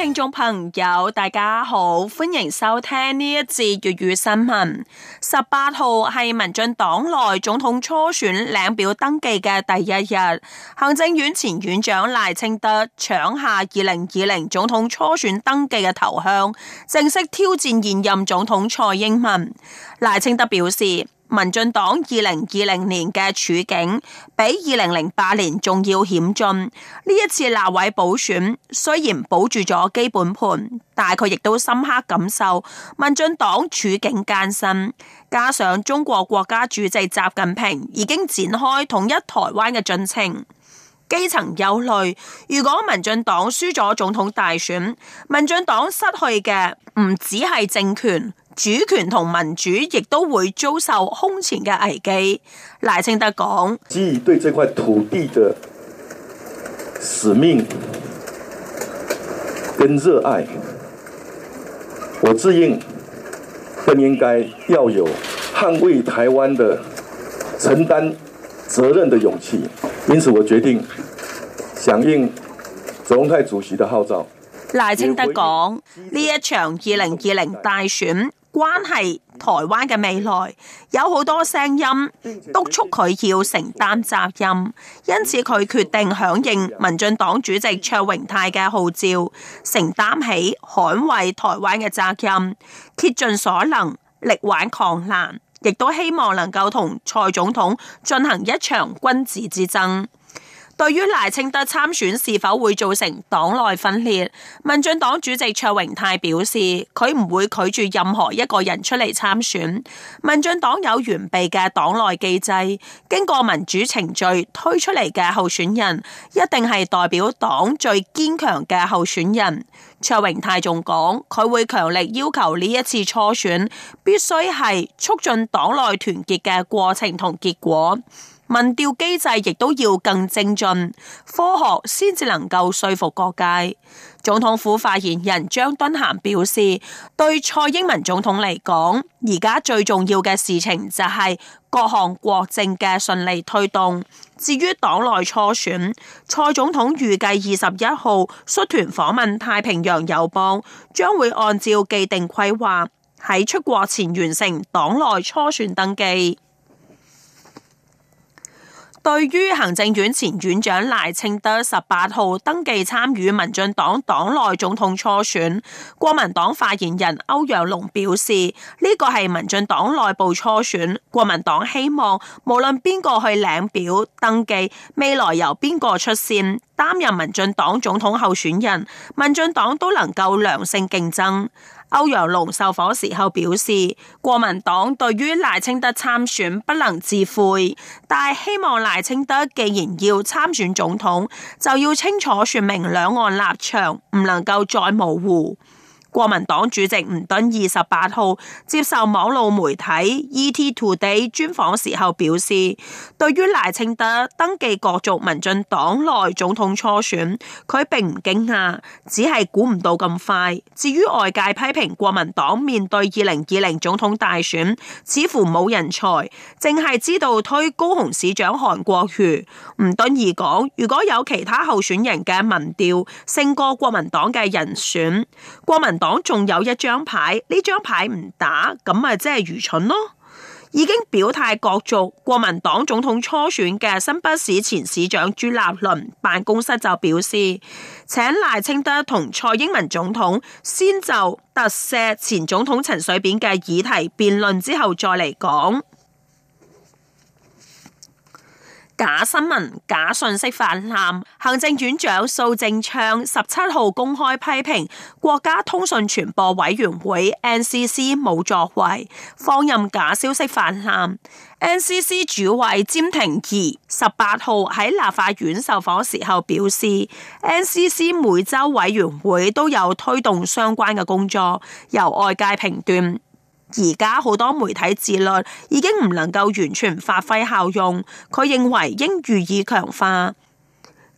聽眾朋友，大家好，歡迎收聽呢一節粵語新聞。十八號係民進黨內總統初選領表登記嘅第一日，行政院前院長賴清德搶下二零二零總統初選登記嘅頭香，正式挑戰現任總統蔡英文。賴清德表示。民進黨二零二零年嘅處境比二零零八年仲要險峻。呢一次立委補選雖然保住咗基本盤，但佢亦都深刻感受民進黨處境艱辛。加上中國國家主席習近平已經展開統一台灣嘅進程，基層憂慮。如果民進黨輸咗總統大選，民進黨失去嘅唔只係政權。主權同民主亦都會遭受空前嘅危機。賴清德講：基於對這塊土地的使命跟熱愛，我自應更應該要有捍衛台灣的、承擔責任的勇氣。因此，我決定響應卓榮泰主席嘅號召。賴回清德講：呢一場二零二零大選，關係台灣嘅未來，有好多聲音督促佢要承擔責任，因此佢決定響應民進黨主席卓榮泰嘅號召，承擔起捍衛台灣嘅責任，竭盡所能力挽狂瀾，亦都希望能夠同蔡總統進行一場君子之爭。對於賴清德參選是否會造成黨內分裂，民進黨主席卓榮泰表示：佢唔會拒絕任何一個人出嚟參選。民進黨有完備嘅黨內機制，經過民主程序推出嚟嘅候選人一定係代表黨最堅強嘅候選人。卓榮泰仲講：佢會強力要求呢一次初選必須係促進黨內團結嘅過程同結果。民調機制亦都要更精進，科學先至能夠說服各界。總統府發言人張惇涵表示，對蔡英文總統嚟講，而家最重要嘅事情就係各項國政嘅順利推動。至於黨內初選，蔡總統預計二十一號率團訪問太平洋友邦，將會按照既定規劃喺出國前完成黨內初選登記。對於行政院前院長賴清德十八號登記參與民進黨黨內總統初選，國民黨發言人歐陽龍表示：呢個係民進黨內部初選，國民黨希望無論邊個去領表登記，未來由邊個出線擔任民進黨總統候選人，民進黨都能夠良性競爭。歐陽龍受訪時候表示，國民黨對於賴清德參選不能自愧，但希望賴清德既然要參選總統，就要清楚說明兩岸立場，唔能夠再模糊。國民黨主席吳敦義二十八號接受網絡媒體 ETtoday 專訪時候表示，對於賴清德登記角逐民進黨內總統初選，佢並唔驚訝，只係估唔到咁快。至於外界批評國民黨面對二零二零總統大選似乎冇人才，淨係知道推高雄市長韓國瑜。吳敦義講，如果有其他候選人嘅民調勝過國民黨嘅人選，國民黨。黨仲有一張牌，呢張牌唔打咁咪真係愚蠢咯！已經表態角逐國民黨總統初選嘅新北市前市長朱立倫辦公室就表示，請賴清德同蔡英文總統先就特赦前總統陳水扁嘅議題辯論之後再嚟講。假新聞、假信息泛濫。行政院長蘇貞昌十七號公開批評國家通訊傳播委員會 NCC 冇作為，放任假消息泛濫。NCC 主委詹婷怡十八號喺立法院受訪時候表示，NCC 每周委員會都有推動相關嘅工作。由外界評斷。而家好多媒體自律已經唔能夠完全發揮效用，佢認為應予以強化。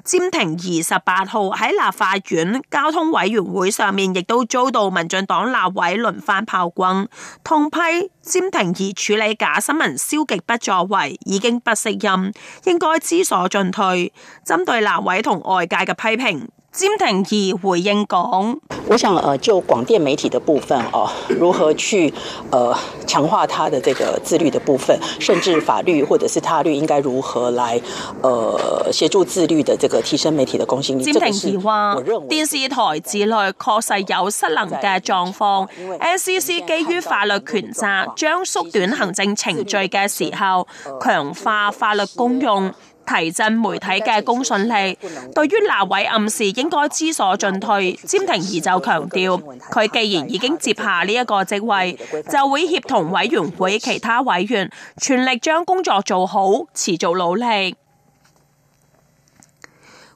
詹婷怡十八號喺立法院交通委員會上面，亦都遭到民進黨立委輪番炮轟，痛批詹婷怡處理假新聞消極不作為已經不適任，應該知所進退。針對立委同外界嘅批評。詹婷怡回應講：我想，就廣電媒體的部分，哦，如何去，誒、呃，強化它的這個自律的部分，甚至法律或者是他律應該如何來，誒、呃，協助自律的這個提升媒體的公信力。詹婷怡話：電視台自律確實有失能嘅狀況。NCC 基於法律權責，將縮短行政程序嘅時候，強化法律公用。提振媒體嘅公信力，對於立委暗示應該知所進退，詹婷怡就強調：佢既然已經接下呢一個職位，就會協同委員會其他委員，全力將工作做好，持續努力。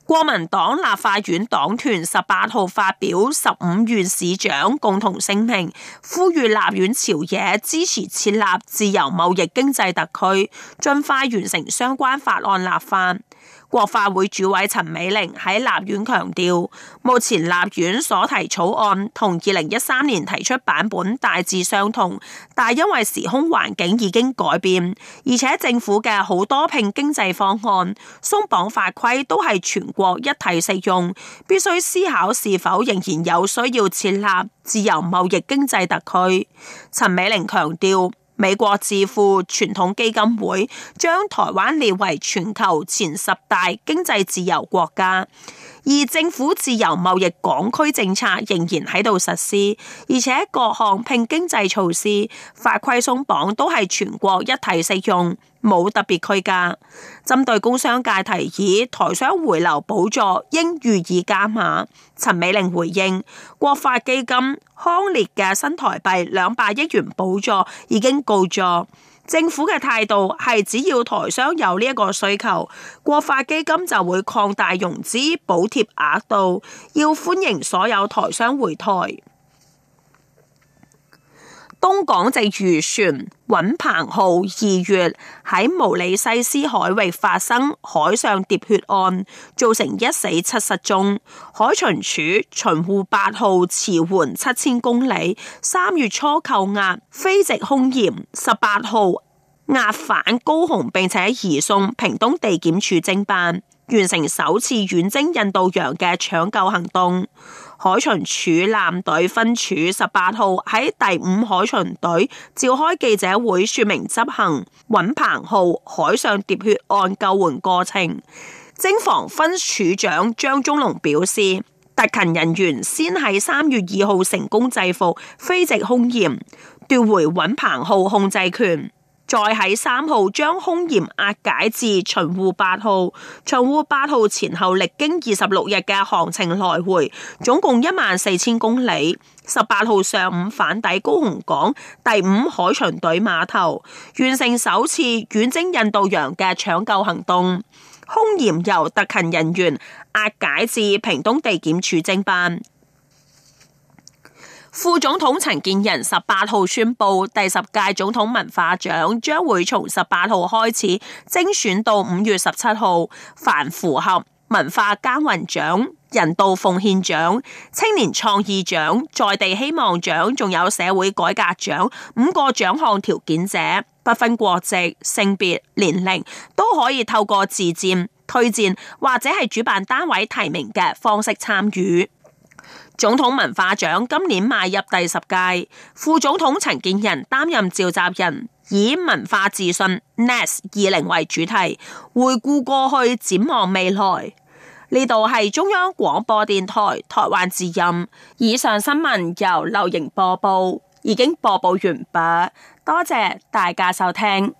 國民黨立法院黨團十八號發表十五縣市長共同聲明，呼籲立院朝野支持設立自由貿易經濟特區，盡快完成相關法案立法。國發會主委陳美伶喺立院強調，目前立院所提草案同二零一三年提出版本大致相同，但因為時空環境已經改變，而且政府嘅好多拼經濟方案、鬆綁法規都係全國一體適用，必須思考是否仍然有需要設立自由貿易經濟特區。陳美伶強調。美國智庫傳統基金會將台灣列為全球前十大經濟自由國家。而政府自由貿易港區政策仍然喺度實施，而且各項拼經濟措施法規鬆綁都係全國一體適用，冇特別區噶。針對工商界提議台商回流補助應予以加碼，陳美伶回應國發基金康烈嘅新台幣兩百億元補助已經告咗。政府嘅態度係只要台商有呢一個需求，國發基金就會擴大融資補貼額度，要歡迎所有台商回台。東港籍漁船穩鵬號二月喺毛里西斯海域發生海上喋血案，造成一死七失蹤。海巡署巡護八號馳援七千公里，三月初扣押菲籍兇嫌十八號押返高雄，並且移送屏東地檢署偵辦，完成首次遠征印度洋嘅搶救行動。海巡署艦隊分署十八號喺第五海巡隊召開記者會，說明執行尹鵬號海上喋血案救援過程。征防分署長張忠龍表示，特勤人員先喺三月二號成功制服非籍凶嫌，奪回尹鵬號控制權。再喺三號將兇嫌押解至巡護八號，巡護八號前後歷經二十六日嘅航程來回，總共一萬四千公里。十八號上午返抵高雄港第五海巡隊碼頭，完成首次遠征印度洋嘅搶救行動。兇嫌由特勤人員押解至屏東地檢署偵辦。副總統陳建仁十八號宣布，第十屆總統文化獎將會從十八號開始，徵選到五月十七號，凡符合文化耕耘獎、人道奉獻獎、青年創意獎、在地希望獎，仲有社會改革獎五個獎項條件者，不分國籍、性別、年齡，都可以透過自薦、推薦或者係主辦單位提名嘅方式參與。總統文化獎今年邁入第十屆，副總統陳建仁擔任召集人，以文化自信、Nas 二零為主題，回顧過去，展望未來。呢度係中央廣播電台台灣之音，以上新聞由劉瑩播報，已經播報完畢，多謝大家收聽。